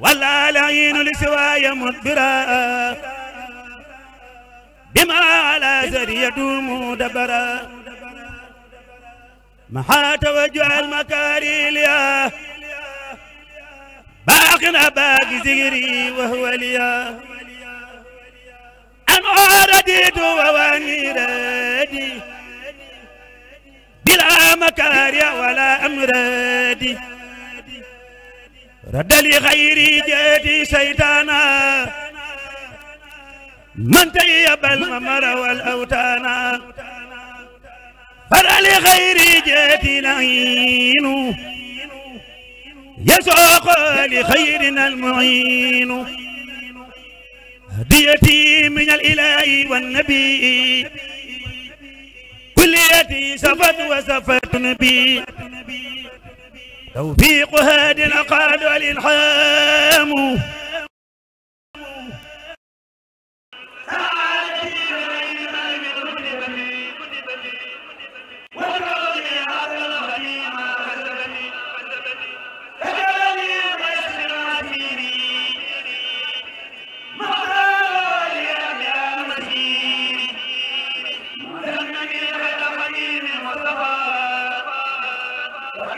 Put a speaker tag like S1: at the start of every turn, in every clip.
S1: ولا العين لسواي مدبرا بما على زر يدوم دبرا محا توجه المكاريليا باقنا باقي زغري وهو ليا أنا رديت وواني ردي بلا مكاري ولا أمرادي raddali xayri jeeti saytaana man tay yabal ma marawal awtaana raddali xayri jeeti lahiinu yasooqo li xayrina almuhiinu hadiyati min al ilaahi wa nabii kulliyati safat wa safat nabii tawfiiqu haadin aqaar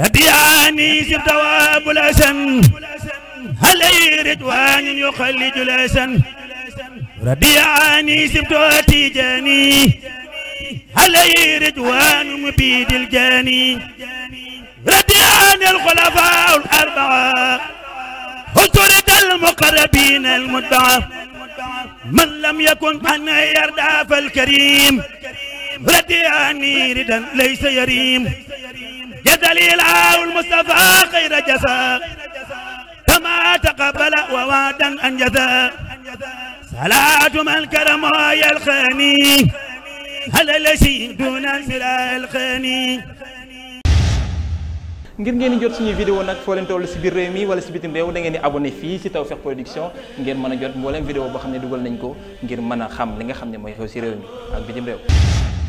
S1: ربياني سبت واب الأسن علي رضوان يخلد الأسن ربياني سبت وتيجاني علي رضوان مبيد الجاني ربياني الخلفاء الأربعة أسرد المقربين المتبعة من لم يكن أن يرضى فالكريم رضياني ردا ليس يريم jadalil aawul Mustafa xayra jasa kama taqabbala wa waadan anjasa salaatu man karamo yalxani ala lasi duna mira yalxani ngir ngeen di jot suñuy vidéo nag foo leen toll si biir réew mi wala si bitim réew da ngeen di abonné fii si Tawfekh Production ngeen mën a jot mbooleem vidéo boo xam ne dugal nañ ko ngir mën a xam li nga xam ne mooy xew si réew mi ak bitim réew